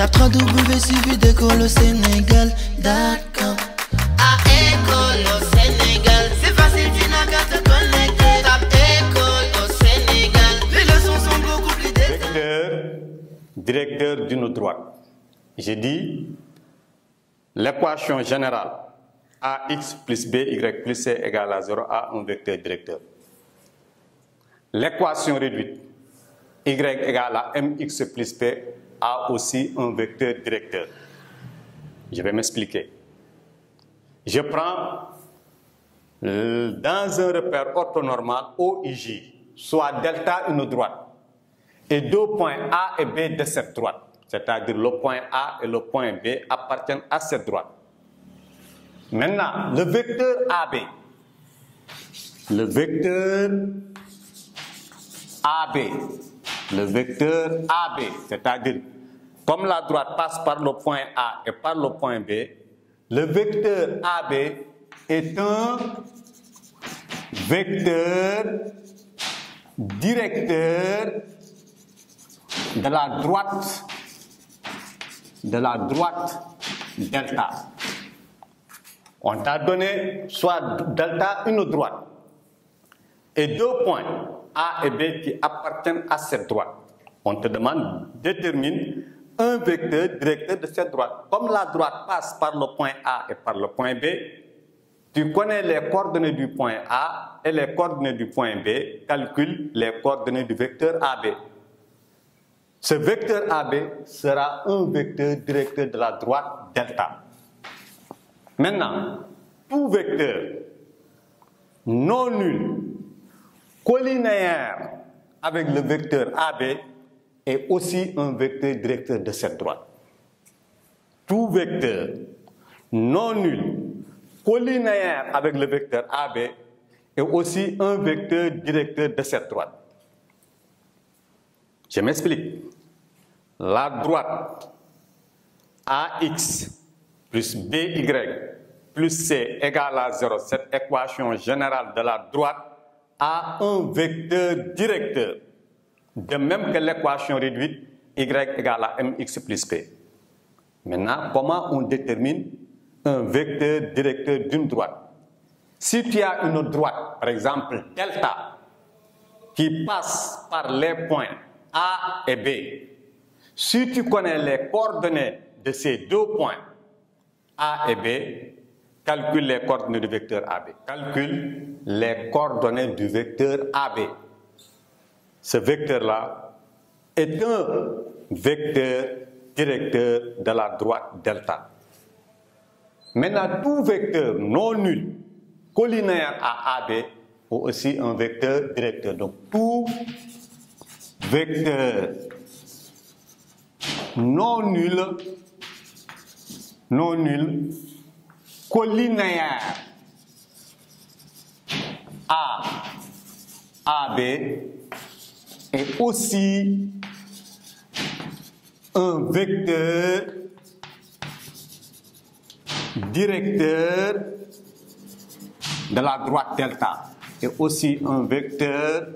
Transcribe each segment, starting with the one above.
Tape 3 W suivi d'école au Sénégal. D'accord. À école au Sénégal. C'est facile, tu n'as qu'à te connecter. Tape école au Sénégal. Les leçons sont beaucoup plus détaillées. Directeur, directeur d'une droite. J'ai dit l'équation générale ax plus BY plus c égale à 0 a un vecteur directeur. L'équation réduite y égale à mx plus p a aussi un vecteur directeur. Je vais m'expliquer. Je prends euh, dans un repère orthonormal OIJ, soit delta une droite, et deux points A et B de cette droite, c'est-à-dire le point A et le point B appartiennent à cette droite. Maintenant, le vecteur AB, le vecteur AB le vecteur AB, c'est-à-dire comme la droite passe par le point A et par le point B, le vecteur AB est un vecteur directeur de la droite de la droite delta. On t'a donné soit delta une droite et deux points. A et B qui appartiennent à cette droite. On te demande, détermine un vecteur directeur de cette droite. Comme la droite passe par le point A et par le point B, tu connais les coordonnées du point A et les coordonnées du point B, calcule les coordonnées du vecteur AB. Ce vecteur AB sera un vecteur directeur de la droite delta. Maintenant, tout vecteur non nul collinéaire avec le vecteur AB est aussi un vecteur directeur de cette droite. Tout vecteur non nul collinéaire avec le vecteur AB est aussi un vecteur directeur de cette droite. Je m'explique. La droite AX plus BY plus C égale à 0, cette équation générale de la droite a un vecteur directeur, de même que l'équation réduite y égale à mx plus p. Maintenant, comment on détermine un vecteur directeur d'une droite Si tu as une droite, par exemple delta, qui passe par les points A et B, si tu connais les coordonnées de ces deux points, A et B, calcule les coordonnées du vecteur AB. Calcule les coordonnées du vecteur AB. Ce vecteur-là est un vecteur directeur de la droite delta. Maintenant, tout vecteur non nul collinaire à AB est aussi un vecteur directeur. Donc, tout vecteur non nul, non nul collinéaire A, AB est aussi un vecteur directeur de la droite delta et aussi un vecteur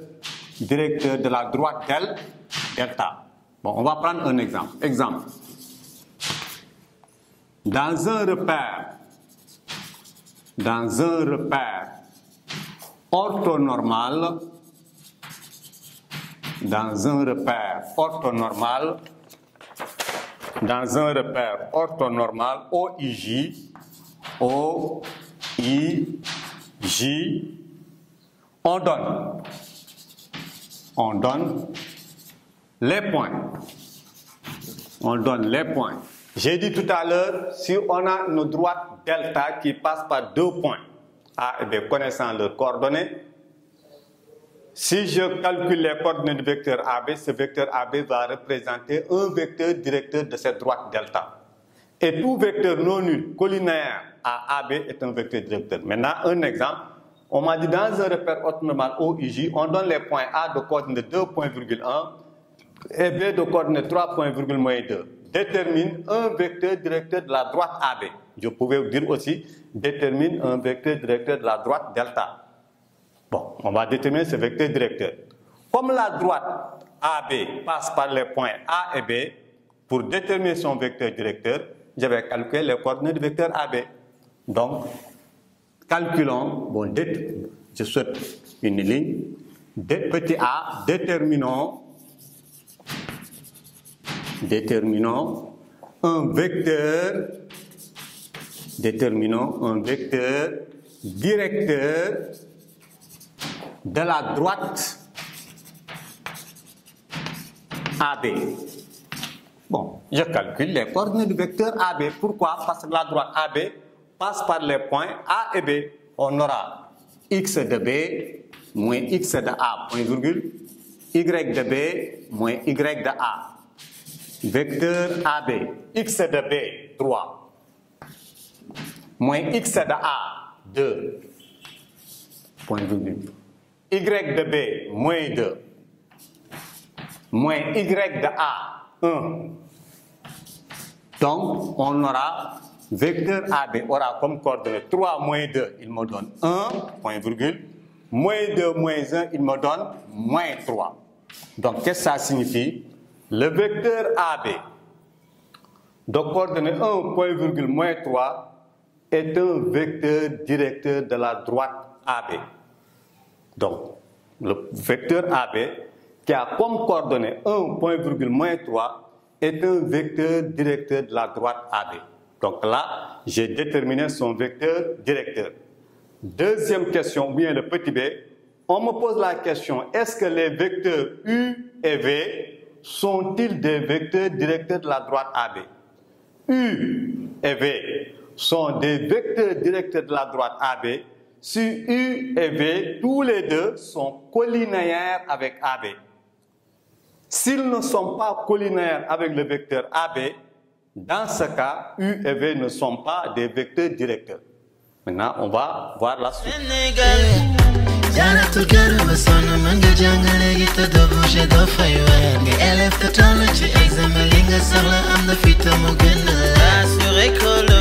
directeur de la droite delta. Bon, on va prendre un exemple. Exemple. Dans un repère dans un repère orthonormal, dans un repère orthonormal, dans un repère orthonormal OIJ, OIJ, on donne, on donne les points, on donne les points j'ai dit tout à l'heure, si on a une droite delta qui passe par deux points, A et B connaissant leurs coordonnées, si je calcule les coordonnées du vecteur AB, ce vecteur AB va représenter un vecteur directeur de cette droite delta. Et tout vecteur non nul collinaire à AB est un vecteur directeur. Maintenant, un exemple. On m'a dit dans un repère haute OIJ, on donne les points A de coordonnées 2,1 et B de coordonnées 3.2 détermine un vecteur directeur de la droite AB. Je pouvais dire aussi détermine un vecteur directeur de la droite delta. Bon, on va déterminer ce vecteur directeur. Comme la droite AB passe par les points A et B, pour déterminer son vecteur directeur, je vais calculer les coordonnées du vecteur AB. Donc, calculons, bon, je souhaite une ligne, petit a, déterminons déterminons un vecteur déterminons un vecteur directeur de la droite AB. Bon, je calcule les coordonnées du vecteur AB. Pourquoi Parce que la droite AB passe par les points A et B. On aura x de B moins x de A, point virgule, y de B moins y de A vecteur AB x de B 3 moins x de A 2 point virgule y de B moins 2 moins y de A 1 donc on aura vecteur AB aura comme coordonnée 3 moins 2 il me donne 1 point virgule moins 2 moins 1 il me donne moins 3 donc qu'est-ce que ça signifie le vecteur AB de coordonnées 1, 3 est un vecteur directeur de la droite AB. Donc, le vecteur AB qui a comme coordonnée 1, 3 est un vecteur directeur de la droite AB. Donc là, j'ai déterminé son vecteur directeur. Deuxième question, bien le petit b, on me pose la question, est-ce que les vecteurs U et V sont-ils des vecteurs directeurs de la droite AB U et V sont des vecteurs directeurs de la droite AB si U et V, tous les deux, sont collinéaires avec AB. S'ils ne sont pas collinéaires avec le vecteur AB, dans ce cas, U et V ne sont pas des vecteurs directeurs. Maintenant, on va voir la suite. Jana tu kero be sono manga jangale gita do bushe do fai wayan Ge elef ta tolo chi exam linga sala am da fita mo gena Asure kolo